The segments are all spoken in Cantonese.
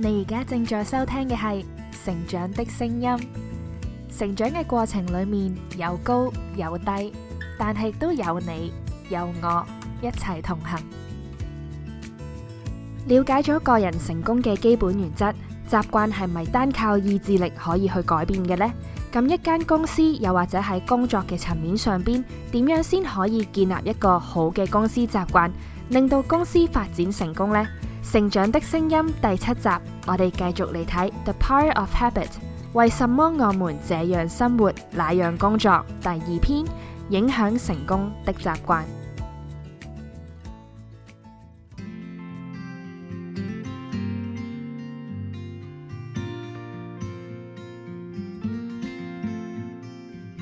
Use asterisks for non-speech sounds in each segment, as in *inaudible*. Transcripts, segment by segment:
你而家正在收聽嘅係《成長的聲音》。成長嘅過程裏面有高有低，但係都有你有我一齊同行。了解咗個人成功嘅基本原則，習慣係咪單靠意志力可以去改變嘅呢？咁一間公司又或者喺工作嘅層面上邊，點樣先可以建立一個好嘅公司習慣，令到公司發展成功呢？成長的聲音第七集，我哋繼續嚟睇《The Power of Habit》。為什麼我們這樣生活、那樣工作？第二篇：影響成功的習慣。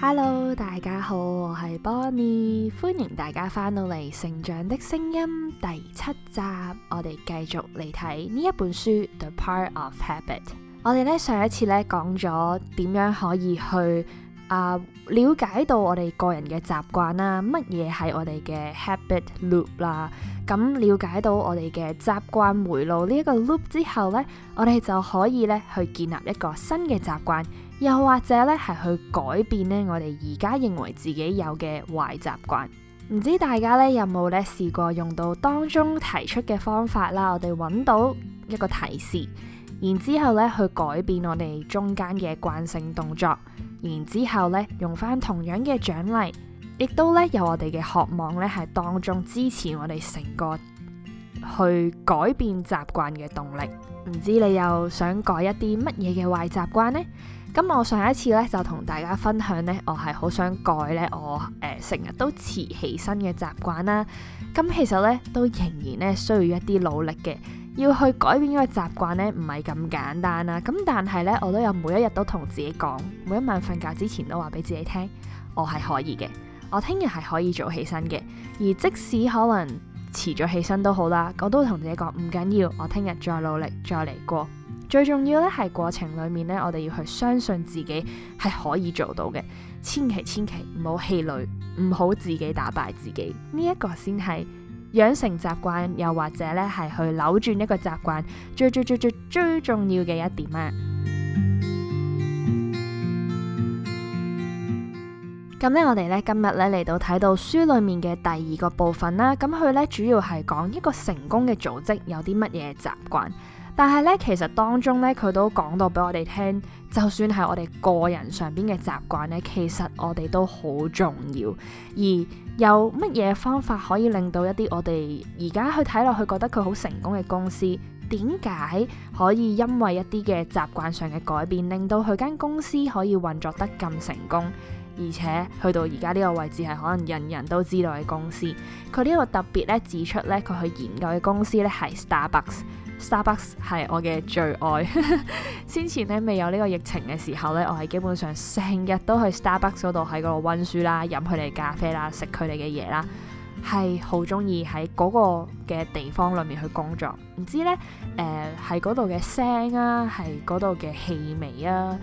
Hello，大家好，我係 Bonnie，歡迎大家返到嚟《成長的聲音》第七集，我哋繼續嚟睇呢一本書《The Power of Habit》我呢。我哋咧上一次咧講咗點樣可以去啊、呃、了解到我哋個人嘅習慣啦，乜嘢係我哋嘅 habit loop 啦。咁了解到我哋嘅習慣回路呢一個 loop 之後咧，我哋就可以咧去建立一個新嘅習慣。又或者咧，係去改變呢，我哋而家認為自己有嘅壞習慣。唔知大家咧有冇咧試過用到當中提出嘅方法啦？我哋揾到一個提示，然之後咧去改變我哋中間嘅慣性動作，然之後咧用翻同樣嘅獎勵，亦都咧有我哋嘅渴望咧，係當中支持我哋成個去改變習慣嘅動力。唔知你又想改一啲乜嘢嘅壞習慣呢？咁我上一次咧就同大家分享呢，我係好想改呢。我誒成日都遲起身嘅習慣啦。咁其實呢，都仍然呢，需要一啲努力嘅，要去改變呢個習慣呢，唔係咁簡單啦。咁但係呢，我都有每一日都同自己講，每一晚瞓覺之前都話俾自己聽，我係可以嘅，我聽日係可以早起身嘅。而即使可能遲咗起身都好啦，我都同自己講唔緊要，我聽日再努力再嚟過。最重要咧係過程裏面咧，我哋要去相信自己係可以做到嘅，千祈千祈唔好氣餒，唔好自己打敗自己，呢、這、一個先係養成習慣，又或者咧係去扭轉一個習慣，最最最最最重要嘅一點啊！咁咧， *music* 我哋咧今日咧嚟到睇到書裏面嘅第二個部分啦，咁佢咧主要係講一個成功嘅組織有啲乜嘢習慣。但係咧，其實當中咧，佢都講到俾我哋聽，就算係我哋個人上邊嘅習慣咧，其實我哋都好重要。而有乜嘢方法可以令到一啲我哋而家去睇落去覺得佢好成功嘅公司，點解可以因為一啲嘅習慣上嘅改變，令到佢間公司可以運作得咁成功，而且去到而家呢個位置係可能人人都知道嘅公司？佢呢個特別咧指出咧，佢去研究嘅公司咧係 Starbucks。Starbucks 係我嘅最愛。 *laughs* 先前咧未有呢個疫情嘅時候咧，我係基本上成日都去 Starbucks 嗰度喺嗰度溫書啦、飲佢哋咖啡啦、食佢哋嘅嘢啦，係好鍾意喺嗰個嘅地方裡面去工作。唔知咧誒，係嗰度嘅聲啊，係嗰度嘅氣味啊。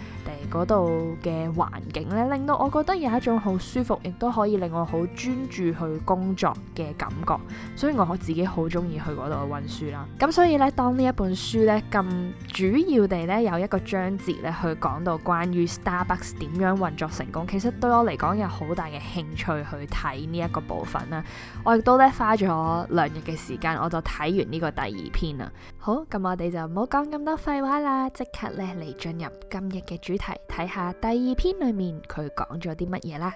誒嗰度嘅環境咧，令到我覺得有一種好舒服，亦都可以令我好專注去工作嘅感覺，所以我自己好中意去嗰度溫書啦。咁所以咧，當呢一本書咧咁主要地咧有一個章節咧去講到關於 Starbucks 點樣運作成功，其實對我嚟講有好大嘅興趣去睇呢一個部分啦。我亦都咧花咗兩日嘅時間，我就睇完呢個第二篇啦。好，咁我哋就唔好講咁多廢話啦，即刻咧嚟進入今日嘅主。睇下第二篇裏面佢講咗啲乜嘢啦？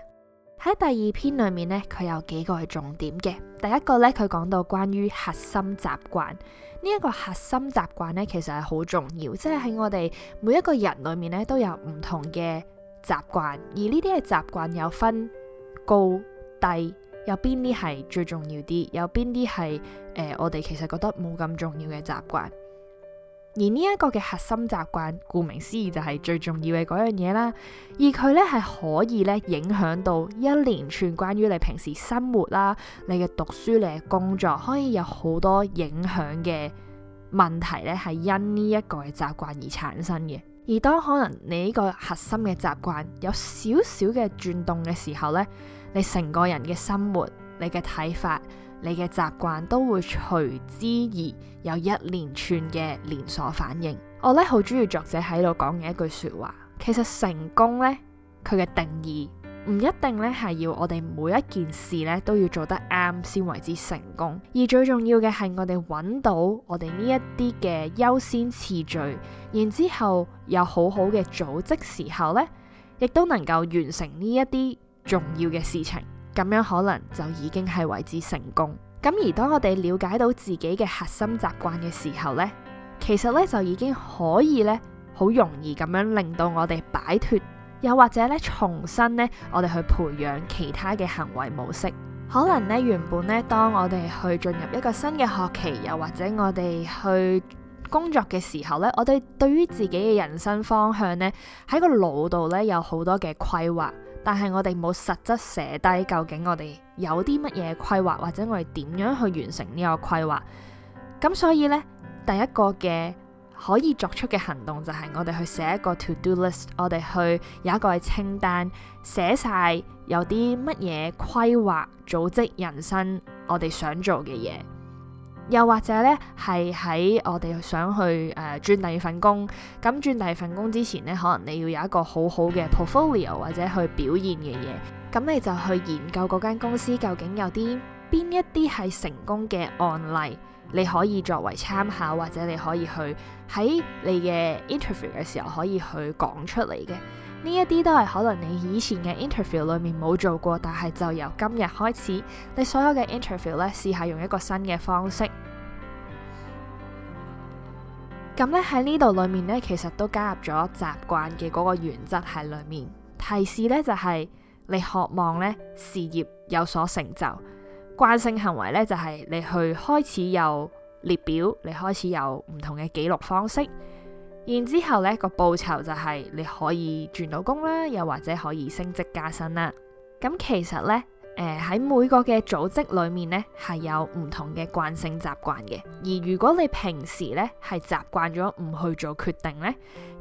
喺第二篇裏面呢，佢有幾個係重點嘅。第一個呢，佢講到關於核心習慣，呢一個核心習慣呢，其實係好重要，即係喺我哋每一個人裏面呢，都有唔同嘅習慣，而呢啲嘅習慣有分高低，有邊啲係最重要啲，有邊啲係誒我哋其實覺得冇咁重要嘅習慣。而呢一個嘅核心習慣，顧名思義就係最重要嘅嗰樣嘢啦。而佢咧係可以咧影響到一連串關於你平時生活啦、你嘅讀書、你嘅工作，可以有好多影響嘅問題咧，係因呢一個嘅習慣而產生嘅。而當可能你呢個核心嘅習慣有少少嘅轉動嘅時候咧，你成個人嘅生活、你嘅睇法。你嘅習慣都會隨之而有一連串嘅連鎖反應。我咧好中意作者喺度講嘅一句說話，其實成功呢，佢嘅定義唔一定呢係要我哋每一件事呢都要做得啱先為之成功，而最重要嘅係我哋揾到我哋呢一啲嘅優先次序，然之後有好好嘅組織時候呢，亦都能夠完成呢一啲重要嘅事情。咁樣可能就已經係為之成功。咁而當我哋了解到自己嘅核心習慣嘅時候呢，其實呢就已經可以呢，好容易咁樣令到我哋擺脫，又或者呢重新呢，我哋去培養其他嘅行為模式。可能呢，原本呢，當我哋去進入一個新嘅學期，又或者我哋去工作嘅時候呢，我哋對於自己嘅人生方向呢，喺個腦度呢，有好多嘅規劃。但係我哋冇實質寫低，究竟我哋有啲乜嘢規劃，或者我哋點樣去完成呢個規劃？咁所以呢，第一個嘅可以作出嘅行動就係我哋去寫一個 to do list，我哋去有一個清單，寫晒有啲乜嘢規劃、組織人生，我哋想做嘅嘢。又或者咧，係喺我哋想去誒轉第二份工，咁轉第二份工之前呢，可能你要有一個好好嘅 portfolio 或者去表現嘅嘢，咁你就去研究嗰間公司究竟有啲邊一啲係成功嘅案例，你可以作為參考，或者你可以去喺你嘅 interview 嘅時候可以去講出嚟嘅。呢一啲都係可能你以前嘅 interview 裏面冇做過，但係就由今日開始，你所有嘅 interview 呢試下用一個新嘅方式。咁呢喺呢度裏面呢，其實都加入咗習慣嘅嗰個原則喺裏面。提示呢就係、是、你渴望呢事業有所成就，慣性行為呢就係、是、你去開始有列表，你開始有唔同嘅記錄方式。然之後呢個報酬就係你可以轉到工啦，又或者可以升職加薪啦。咁、嗯、其實呢，誒、呃、喺每個嘅組織裏面呢，係有唔同嘅慣性習慣嘅。而如果你平時呢係習慣咗唔去做決定呢，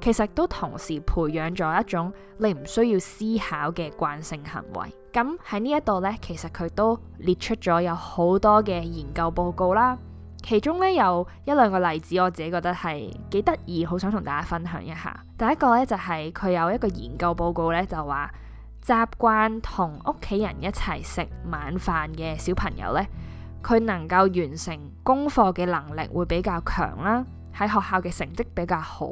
其實都同時培養咗一種你唔需要思考嘅慣性行為。咁喺呢一度呢，其實佢都列出咗有好多嘅研究報告啦。其中咧有一兩個例子，我自己覺得係幾得意，好想同大家分享一下。第一個咧就係佢有一個研究報告咧，就話習慣同屋企人一齊食晚飯嘅小朋友咧，佢能夠完成功課嘅能力會比較強啦，喺學校嘅成績比較好。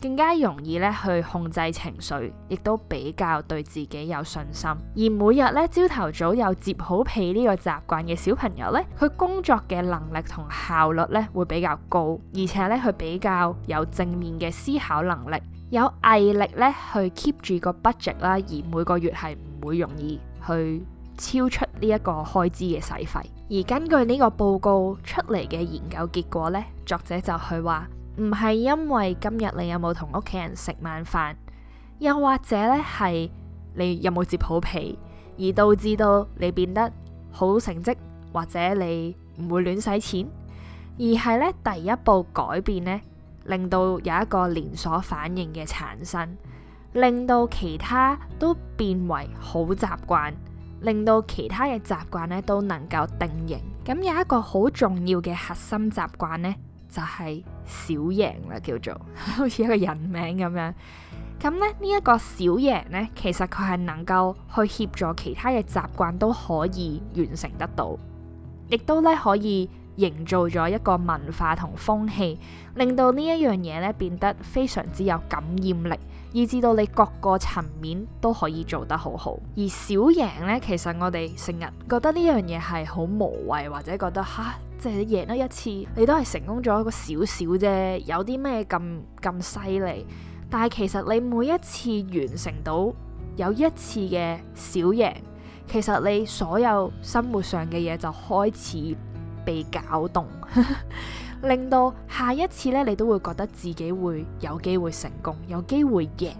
更加容易咧去控制情緒，亦都比較對自己有信心。而每日咧朝頭早有摺好被個習慣呢個習慣嘅小朋友咧，佢工作嘅能力同效率咧會比較高，而且咧佢比較有正面嘅思考能力，有毅力咧去 keep 住個 budget 啦，而每個月係唔會容易去超出呢一個開支嘅使費。而根據呢個報告出嚟嘅研究結果咧，作者就係話。唔係因為今日你有冇同屋企人食晚飯，又或者呢係你有冇摺好被，而導致到你變得好成績，或者你唔會亂使錢，而係呢，第一步改變呢，令到有一個連鎖反應嘅產生，令到其他都變為好習慣，令到其他嘅習慣呢都能夠定型。咁有一個好重要嘅核心習慣呢。就係小贏啦，叫做好似一個人名咁樣。咁咧呢一個小贏呢，其實佢係能夠去協助其他嘅習慣都可以完成得到，亦都咧可以營造咗一個文化同風氣，令到呢一樣嘢咧變得非常之有感染力。以至到你各個層面都可以做得好好，而小贏呢，其實我哋成日覺得呢樣嘢係好無謂，或者覺得吓、啊，即係贏咗一次，你都係成功咗一個少少啫，有啲咩咁咁犀利？但係其實你每一次完成到有一次嘅小贏，其實你所有生活上嘅嘢就開始被攪動。 *laughs* 令到下一次咧，你都會覺得自己會有機會成功，有機會贏。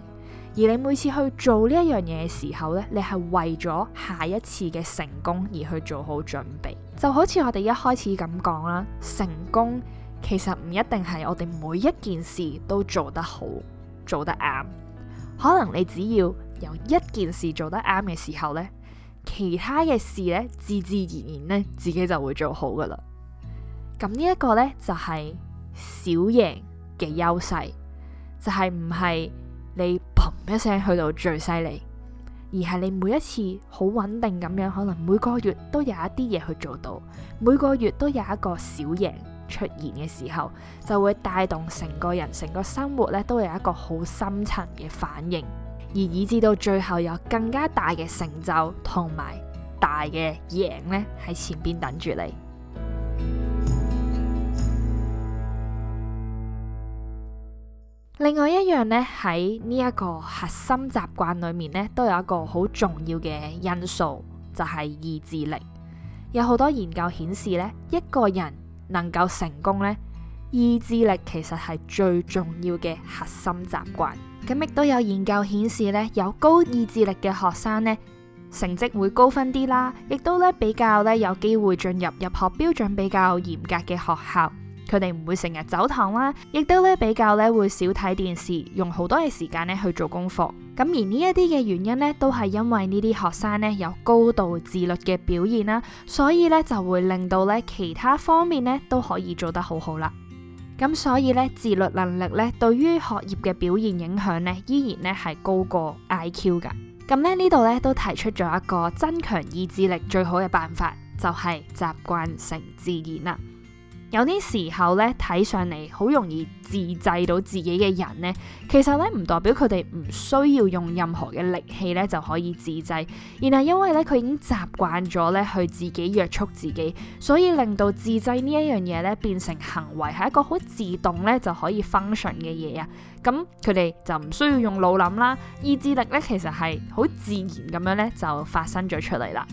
而你每次去做呢一樣嘢嘅時候咧，你係為咗下一次嘅成功而去做好準備。 *noise* 就好似我哋一開始咁講啦，成功其實唔一定係我哋每一件事都做得好、做得啱。可能你只要有一件事做得啱嘅時候咧，其他嘅事咧，自自然然咧，自己就會做好噶啦。咁呢一個呢，就係小贏嘅優勢，就係唔係你砰一聲去到最犀利，而係你每一次好穩定咁樣，可能每個月都有一啲嘢去做到，每個月都有一個小贏出現嘅時候，就會帶動成個人、成個生活呢，都有一個好深層嘅反應，而以至到最後有更加大嘅成就同埋大嘅贏呢，喺前邊等住你。另外一樣呢，喺呢一個核心習慣裏面呢，都有一個好重要嘅因素，就係意志力。有好多研究顯示呢，一個人能夠成功呢，意志力其實係最重要嘅核心習慣。咁亦都有研究顯示呢，有高意志力嘅學生呢，成績會高分啲啦，亦都呢比較呢，有機會進入入學標準比較嚴格嘅學校。佢哋唔會成日走堂啦，亦都咧比較咧會少睇電視，用好多嘅時間咧去做功課。咁而呢一啲嘅原因咧，都係因為呢啲學生咧有高度自律嘅表現啦，所以咧就會令到咧其他方面咧都可以做得好好啦。咁所以咧自律能力咧對於學業嘅表現影響咧依然咧係高過 IQ 噶。咁咧呢度咧都提出咗一個增強意志力最好嘅辦法，就係習慣成自然啦。有啲時候咧，睇上嚟好容易自制到自己嘅人呢，其實咧唔代表佢哋唔需要用任何嘅力氣咧就可以自制。然後因為咧佢已經習慣咗咧去自己約束自己，所以令到自制呢一樣嘢咧變成行為係一個好自動咧就可以 function 嘅嘢啊。咁佢哋就唔需要用腦諗啦，意志力咧其實係好自然咁樣咧就發生咗出嚟啦。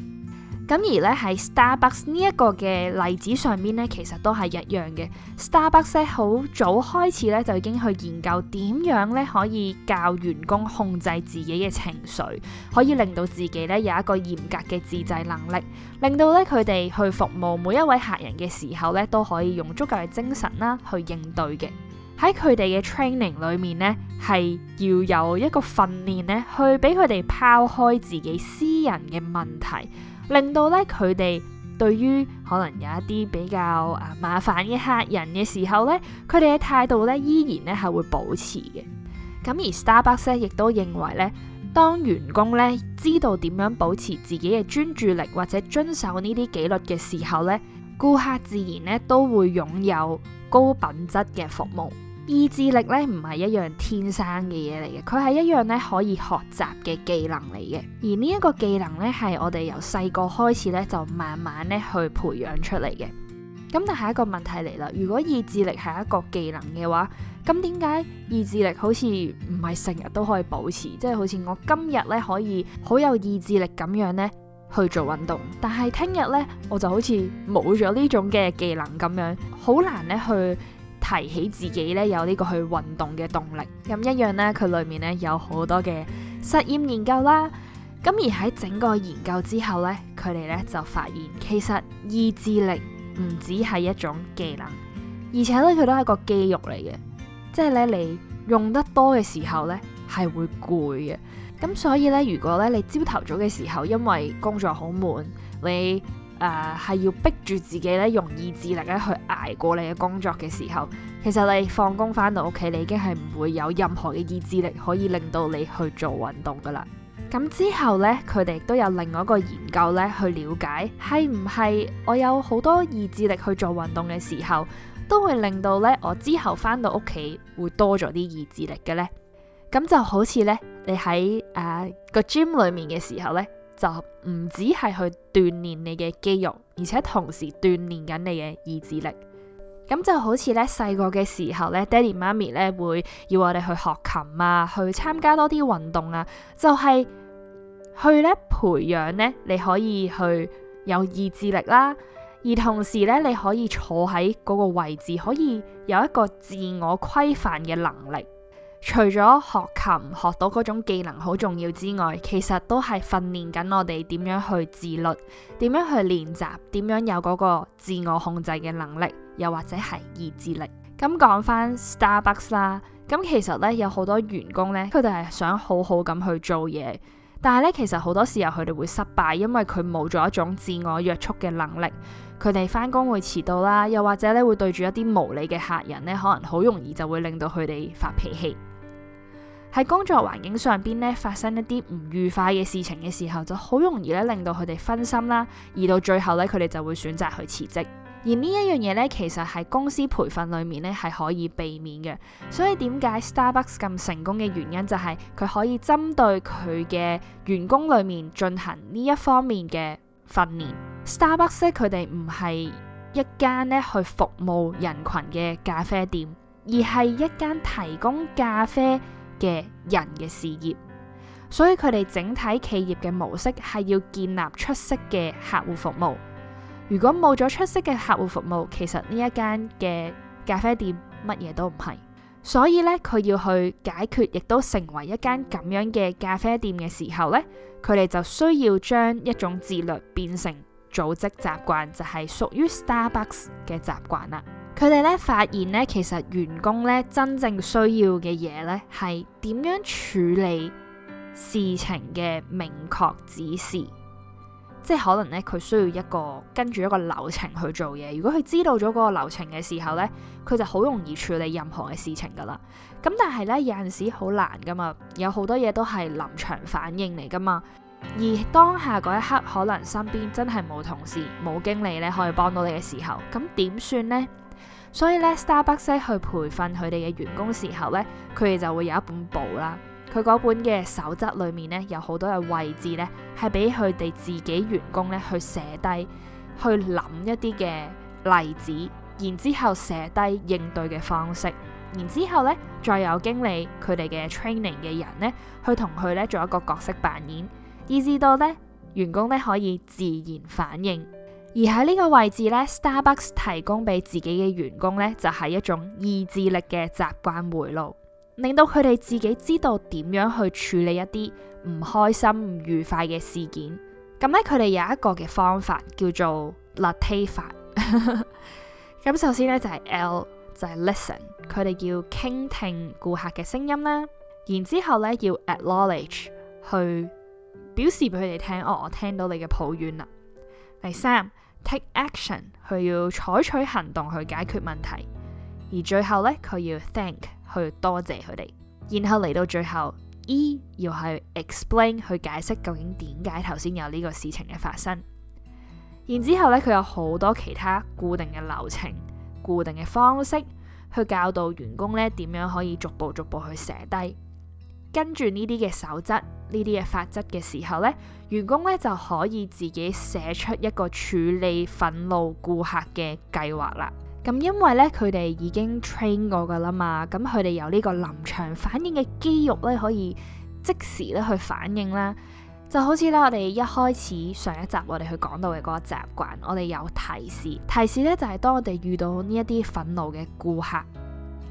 咁而咧喺 Starbucks 呢一個嘅例子上面呢，其實都係一樣嘅。Starbucks 好早開始咧，就已經去研究點樣咧可以教員工控制自己嘅情緒，可以令到自己咧有一個嚴格嘅自制能力，令到咧佢哋去服務每一位客人嘅時候咧，都可以用足夠嘅精神啦去應對嘅。喺佢哋嘅 training 裏面呢，係要有一個訓練呢，去俾佢哋拋開自己私人嘅問題。令到咧佢哋對於可能有一啲比較啊麻煩嘅客人嘅時候咧，佢哋嘅態度咧依然咧係會保持嘅。咁而 Starbucks 咧亦都認為咧，當員工咧知道點樣保持自己嘅專注力或者遵守呢啲紀律嘅時候咧，顧客自然咧都會擁有高品質嘅服務。意志力咧唔係一樣天生嘅嘢嚟嘅，佢係一樣咧可以學習嘅技能嚟嘅。而呢一個技能咧係我哋由細個開始咧就慢慢咧去培養出嚟嘅。咁但係一個問題嚟啦，如果意志力係一個技能嘅話，咁點解意志力好似唔係成日都可以保持？即係好似我今日咧可以好有意志力咁樣咧去做運動，但係聽日咧我就好似冇咗呢種嘅技能咁樣，好難咧去。提起自己咧有呢個去運動嘅動力，咁一樣呢，佢裏面呢，有好多嘅實驗研究啦，咁而喺整個研究之後呢，佢哋呢就發現其實意志力唔止係一種技能，而且咧佢都係一個肌肉嚟嘅，即係咧你用得多嘅時候呢，係會攰嘅，咁所以呢，如果咧你朝頭早嘅時候因為工作好悶你。誒，係、uh, 要逼住自己咧，用意志力咧去捱過你嘅工作嘅時候，其實你放工翻到屋企，你已經係唔會有任何嘅意志力可以令到你去做運動噶啦。咁之後呢，佢哋都有另外一個研究咧，去了解係唔係我有好多意志力去做運動嘅時候，都會令到呢我之後翻到屋企會多咗啲意志力嘅呢？咁就好似呢，你喺誒、uh, 個 gym 裏面嘅時候呢。就唔止係去鍛煉你嘅肌肉，而且同時鍛煉緊你嘅意志力。咁就好似咧細個嘅時候咧，爹哋媽咪咧會要我哋去學琴啊，去參加多啲運動啊，就係去咧培養咧你可以去有意志力啦，而同時咧你可以坐喺嗰個位置，可以有一個自我規範嘅能力。除咗學琴學到嗰種技能好重要之外，其實都係訓練緊我哋點樣去自律，點樣去練習，點樣有嗰個自我控制嘅能力，又或者係意志力。咁講翻 Starbucks 啦，咁其實呢，有好多員工呢，佢哋係想好好咁去做嘢，但係呢，其實好多時候佢哋會失敗，因為佢冇咗一種自我約束嘅能力。佢哋返工會遲到啦，又或者咧，會對住一啲無理嘅客人咧，可能好容易就會令到佢哋發脾氣。喺工作環境上邊咧，發生一啲唔愉快嘅事情嘅時候，就好容易咧令到佢哋分心啦，而到最後咧，佢哋就會選擇去辭職。而呢一樣嘢咧，其實係公司培訓裏面咧，係可以避免嘅。所以點解 Starbucks 咁成功嘅原因就係佢可以針對佢嘅員工裏面進行呢一方面嘅訓練。Starbucks 佢哋唔係一間呢去服務人群嘅咖啡店，而係一間提供咖啡嘅人嘅事業。所以佢哋整體企業嘅模式係要建立出色嘅客戶服務。如果冇咗出色嘅客戶服務，其實呢一間嘅咖啡店乜嘢都唔係。所以呢，佢要去解決，亦都成為一間咁樣嘅咖啡店嘅時候呢，佢哋就需要將一種自律變成。組織習慣就係屬於 Starbucks 嘅習慣啦。佢哋咧發現咧，其實員工咧真正需要嘅嘢咧，係點樣處理事情嘅明確指示。即係可能咧，佢需要一個跟住一個流程去做嘢。如果佢知道咗嗰個流程嘅時候咧，佢就好容易處理任何嘅事情噶啦。咁但係咧，有陣時好難噶嘛，有好多嘢都係臨場反應嚟噶嘛。而當下嗰一刻，可能身邊真係冇同事、冇經理咧，可以幫到你嘅時候，咁點算呢？所以咧，Starbucks 去培訓佢哋嘅員工時候咧，佢哋就會有一本簿啦。佢嗰本嘅守則裏面咧，有好多嘅位置咧，係俾佢哋自己員工咧去寫低，去諗一啲嘅例子，然之後寫低應對嘅方式，然之後咧再有經理佢哋嘅 training 嘅人咧，去同佢咧做一個角色扮演。以至到咧，員工咧可以自然反應，而喺呢個位置咧，Starbucks 提供俾自己嘅員工咧，就係、是、一種意志力嘅習慣回路，令到佢哋自己知道點樣去處理一啲唔開心、唔愉快嘅事件。咁咧、嗯，佢哋有一個嘅方法叫做 Latte 法。 *laughs* 咁首先咧就係 L，就係 Listen，佢哋要傾聽顧客嘅聲音啦。然之後咧要 Acknowledge 去。表示俾佢哋聽，我、哦、我聽到你嘅抱怨啦。第三，take action，佢要採取行動去解決問題。而最後呢，佢要 thank 去多謝佢哋。然後嚟到最後，e 要係 explain 去解釋究竟點解頭先有呢個事情嘅發生。然之後咧，佢有好多其他固定嘅流程、固定嘅方式去教導員工呢點樣可以逐步逐步去寫低。跟住呢啲嘅守則，呢啲嘅法則嘅時候，呢員工呢就可以自己寫出一個處理憤怒顧客嘅計劃啦。咁因為呢，佢哋已經 train 過噶啦嘛，咁佢哋有呢個臨場反應嘅肌肉呢可以即時咧去反應啦。就好似咧我哋一開始上一集我哋去講到嘅嗰個習慣，我哋有提示，提示呢就係當我哋遇到呢一啲憤怒嘅顧客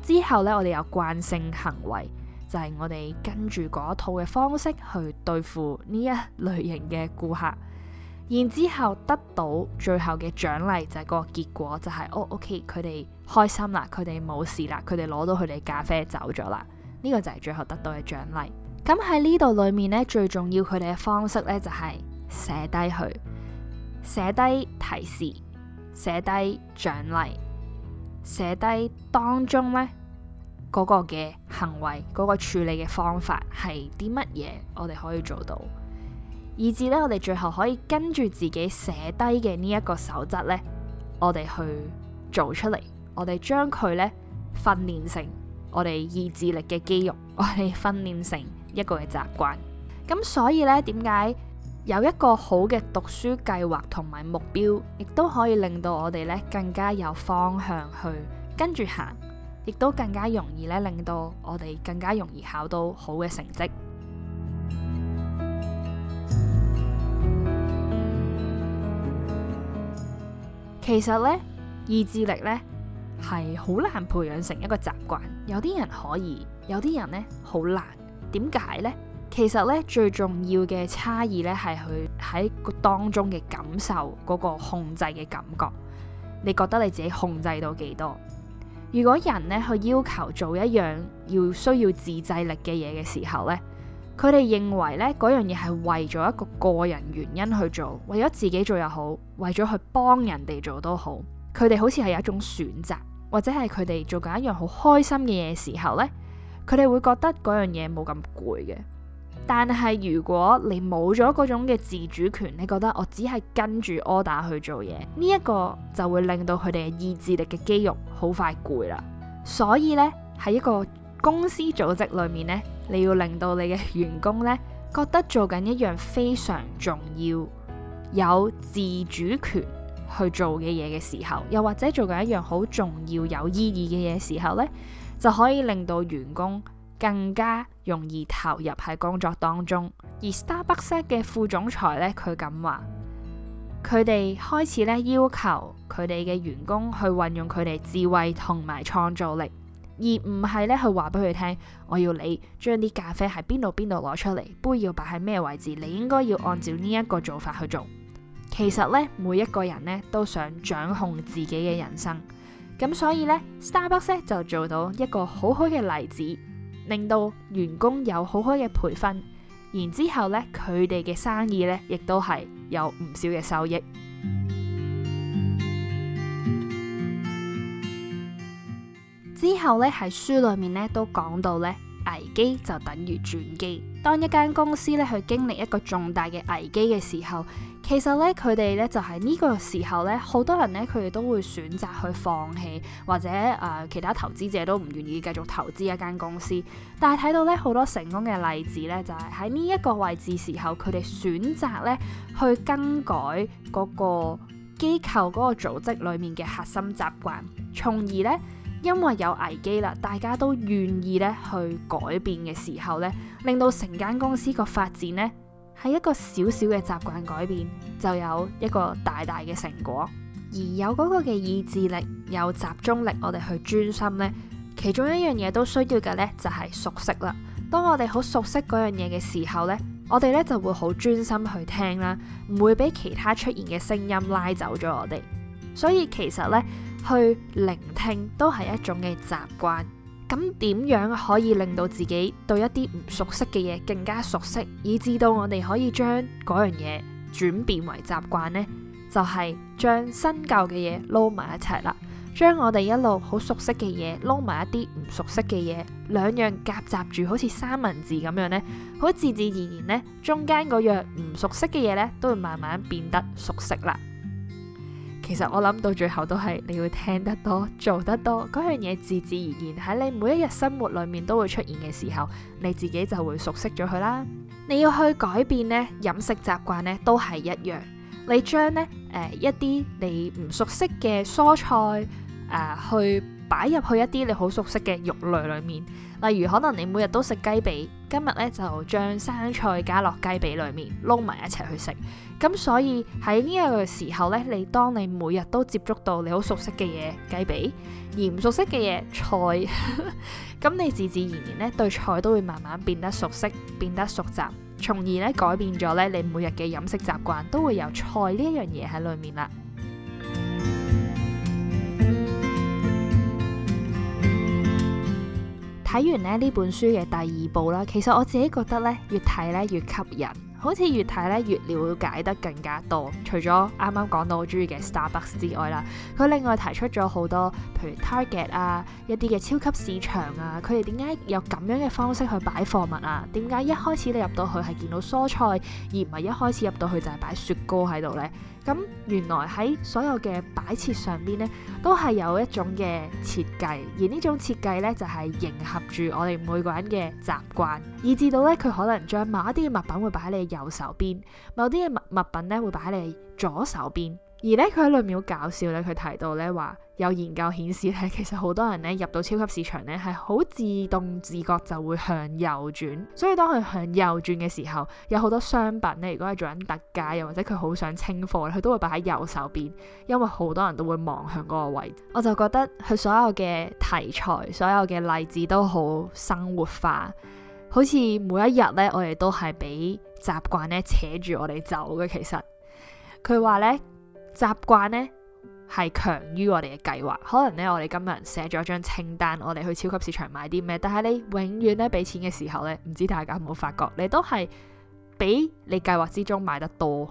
之後呢，我哋有慣性行為。就係我哋跟住嗰套嘅方式去對付呢一類型嘅顧客，然之後得到最後嘅獎勵就係個結果就係哦，OK，佢哋開心啦，佢哋冇事啦，佢哋攞到佢哋咖啡走咗啦，呢個就係最後得到嘅獎勵。咁喺呢度裏面呢，最重要佢哋嘅方式呢，就係寫低佢，寫低提示，寫低獎勵，寫低當中呢。嗰個嘅行為，嗰個處理嘅方法係啲乜嘢？我哋可以做到以至呢，我哋最後可以跟住自己寫低嘅呢一個守則呢，我哋去做出嚟，我哋將佢呢訓練成我哋意志力嘅肌肉，我哋訓練成一個嘅習慣。咁所以呢，點解有一個好嘅讀書計劃同埋目標，亦都可以令到我哋呢更加有方向去跟住行。亦都更加容易咧，令到我哋更加容易考到好嘅成績。其實咧，意志力咧係好難培養成一個習慣。有啲人可以，有啲人咧好難。點解呢？其實咧最重要嘅差異咧係佢喺當中嘅感受，嗰個控制嘅感覺。你覺得你自己控制到幾多？如果人呢去要求做一樣要需要自制力嘅嘢嘅時候呢，佢哋認為呢嗰樣嘢係為咗一個個人原因去做，為咗自己做又好，為咗去幫人哋做都好，佢哋好似係有一種選擇，或者係佢哋做緊一樣好開心嘅嘢時候呢，佢哋會覺得嗰樣嘢冇咁攰嘅。但係如果你冇咗嗰種嘅自主權，你覺得我只係跟住 order 去做嘢，呢一個就會令到佢哋嘅意志力嘅肌肉好快攰啦。所以呢，喺一個公司組織裏面呢，你要令到你嘅員工呢覺得做緊一樣非常重要、有自主權去做嘅嘢嘅時候，又或者做緊一樣好重要、有意義嘅嘢時候呢，就可以令到員工。更加容易投入喺工作當中，而 Starbucks 嘅副總裁呢，佢咁話：佢哋開始呢要求佢哋嘅員工去運用佢哋智慧同埋創造力，而唔係呢去話俾佢聽，我要你將啲咖啡喺邊度邊度攞出嚟，杯要擺喺咩位置，你應該要按照呢一個做法去做。其實呢，每一個人呢都想掌控自己嘅人生，咁所以呢，Starbucks 就做到一個好好嘅例子。令到員工有好好嘅培訓，然之後呢，佢哋嘅生意呢亦都係有唔少嘅收益。之後呢，喺書裏面呢都講到呢，危機就等於轉機。當一間公司呢去經歷一個重大嘅危機嘅時候，其實咧，佢哋咧就係呢個時候咧，好多人咧，佢哋都會選擇去放棄，或者誒、呃、其他投資者都唔願意繼續投資一間公司。但係睇到咧好多成功嘅例子咧，就係喺呢一個位置時候，佢哋選擇咧去更改嗰個機構嗰個組織裡面嘅核心習慣，從而咧因為有危機啦，大家都願意咧去改變嘅時候咧，令到成間公司個發展咧。係一個小小嘅習慣改變，就有一個大大嘅成果。而有嗰個嘅意志力、有集中力，我哋去專心呢，其中一樣嘢都需要嘅呢，就係熟悉啦。當我哋好熟悉嗰樣嘢嘅時候呢，我哋呢就會好專心去聽啦，唔會俾其他出現嘅聲音拉走咗我哋。所以其實呢，去聆聽都係一種嘅習慣。咁點樣可以令到自己對一啲唔熟悉嘅嘢更加熟悉，以至到我哋可以將嗰樣嘢轉變為習慣呢？就係、是、將新舊嘅嘢撈埋一齊啦，將我哋一路好熟悉嘅嘢撈埋一啲唔熟悉嘅嘢，兩樣夾雜住，好似三文治咁樣呢，好自自然然呢，中間嗰樣唔熟悉嘅嘢呢，都會慢慢變得熟悉啦。其實我諗到最後都係你要聽得多、做得多，嗰樣嘢自自然然喺你每一日生活裏面都會出現嘅時候，你自己就會熟悉咗佢啦。你要去改變呢飲食習慣呢都係一樣。你將呢誒、呃、一啲你唔熟悉嘅蔬菜誒、呃、去。擺入去一啲你好熟悉嘅肉類裡面，例如可能你每日都食雞髀，今日咧就將生菜加落雞髀裡面撈埋一齊去食。咁所以喺呢個時候咧，你當你每日都接觸到你好熟悉嘅嘢雞髀，而唔熟悉嘅嘢菜，咁 *laughs* 你自自然然咧對菜都會慢慢變得熟悉，變得熟習，從而咧改變咗咧你每日嘅飲食習慣都會有菜呢一樣嘢喺裡面啦。睇完咧呢本書嘅第二部啦，其實我自己覺得咧越睇咧越吸引，好似越睇咧越了解得更加多。除咗啱啱講到我中意嘅 Starbucks 之外啦，佢另外提出咗好多，譬如 Target 啊一啲嘅超級市場啊，佢哋點解有咁樣嘅方式去擺貨物啊？點解一開始你入到去係見到蔬菜，而唔係一開始入到去就係擺雪糕喺度呢？咁原來喺所有嘅擺設上邊呢，都係有一種嘅設計，而呢種設計呢，就係迎合住我哋每個人嘅習慣，以至到呢，佢可能將某一啲嘅物品會擺喺你右手邊，某啲嘅物物品呢會擺喺你左手邊。而咧，佢喺裏面好搞笑咧。佢提到咧話，有研究顯示咧，其實好多人咧入到超級市場咧，係好自動自覺就會向右轉。所以當佢向右轉嘅時候，有好多商品咧，如果係做緊特價，又或者佢好想清貨，佢都會擺喺右手邊，因為好多人都會望向嗰個位置。我就覺得佢所有嘅題材、所有嘅例子都好生活化，好似每一日咧，我哋都係俾習慣咧扯住我哋走嘅。其實佢話咧。習慣呢係強於我哋嘅計劃，可能呢，我哋今日寫咗張清單，我哋去超級市場買啲咩？但係你永遠咧俾錢嘅時候呢，唔知大家有冇發覺，你都係俾你計劃之中買得多，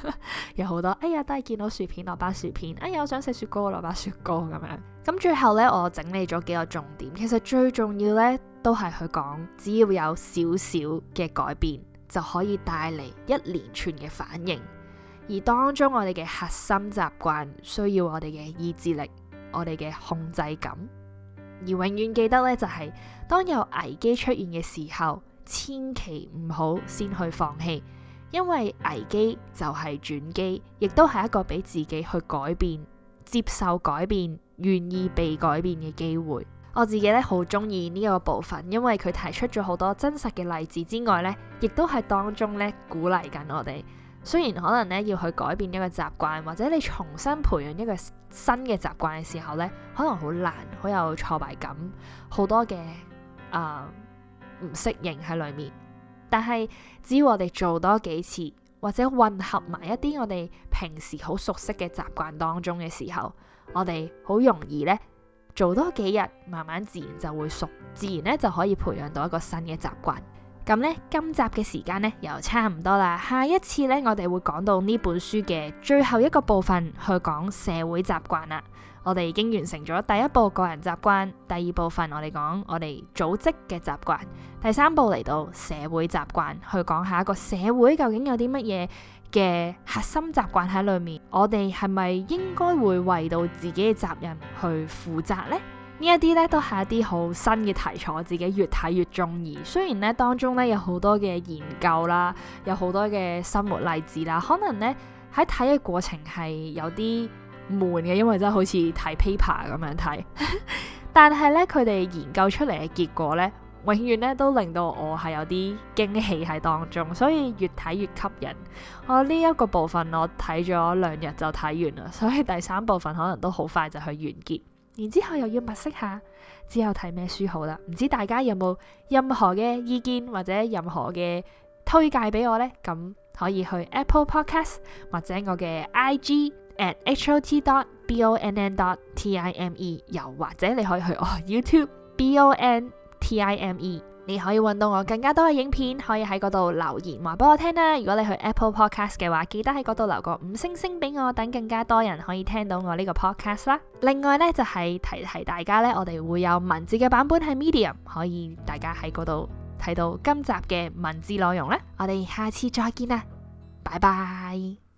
*laughs* 有好多哎呀都係見到薯片，攞包薯片，哎呀我想食雪糕，攞包雪糕咁樣。咁最後呢，我整理咗幾個重點，其實最重要呢，都係去講，只要有少少嘅改變，就可以帶嚟一連串嘅反應。而當中我哋嘅核心習慣需要我哋嘅意志力，我哋嘅控制感。而永遠記得呢，就係當有危機出現嘅時候，千祈唔好先去放棄，因為危機就係轉機，亦都係一個俾自己去改變、接受改變、願意被改變嘅機會。我自己呢，好中意呢個部分，因為佢提出咗好多真實嘅例子之外呢，亦都係當中呢鼓勵緊我哋。雖然可能咧要去改變一個習慣，或者你重新培養一個新嘅習慣嘅時候咧，可能好難，好有挫敗感，好多嘅誒唔適應喺裏面。但係只要我哋做多幾次，或者混合埋一啲我哋平時好熟悉嘅習慣當中嘅時候，我哋好容易咧做多幾日，慢慢自然就會熟，自然咧就可以培養到一個新嘅習慣。咁呢，今集嘅時間呢，又差唔多啦。下一次呢，我哋會講到呢本書嘅最後一個部分去講社會習慣啦。我哋已經完成咗第一步個人習慣，第二部分我哋講我哋組織嘅習慣，第三步嚟到社會習慣去講下一個社會究竟有啲乜嘢嘅核心習慣喺裏面，我哋係咪應該會為到自己嘅責任去負責呢？呢一啲咧，都係一啲好新嘅題材，我自己越睇越中意。雖然咧當中咧有好多嘅研究啦，有好多嘅生活例子啦，可能咧喺睇嘅過程係有啲悶嘅，因為真係好似睇 paper 咁樣睇。 *laughs* 但係咧佢哋研究出嚟嘅結果咧，永遠咧都令到我係有啲驚喜喺當中，所以越睇越吸引。我呢一個部分我睇咗兩日就睇完啦，所以第三部分可能都好快就去完結。然之後又要物色下，之後睇咩書好啦？唔知大家有冇任何嘅意見或者任何嘅推介俾我呢？咁可以去 Apple Podcast 或者我嘅 IG at hot dot bonn dot time，又或者你可以去我 YouTube bon time。你可以揾到我更加多嘅影片，可以喺嗰度留言話俾我聽啦。如果你去 Apple Podcast 嘅話，記得喺嗰度留個五星星俾我，等更加多人可以聽到我呢個 Podcast 啦。另外呢，就係、是、提提大家呢，我哋會有文字嘅版本係 Medium，可以大家喺嗰度睇到今集嘅文字內容咧。我哋下次再見啦，拜拜。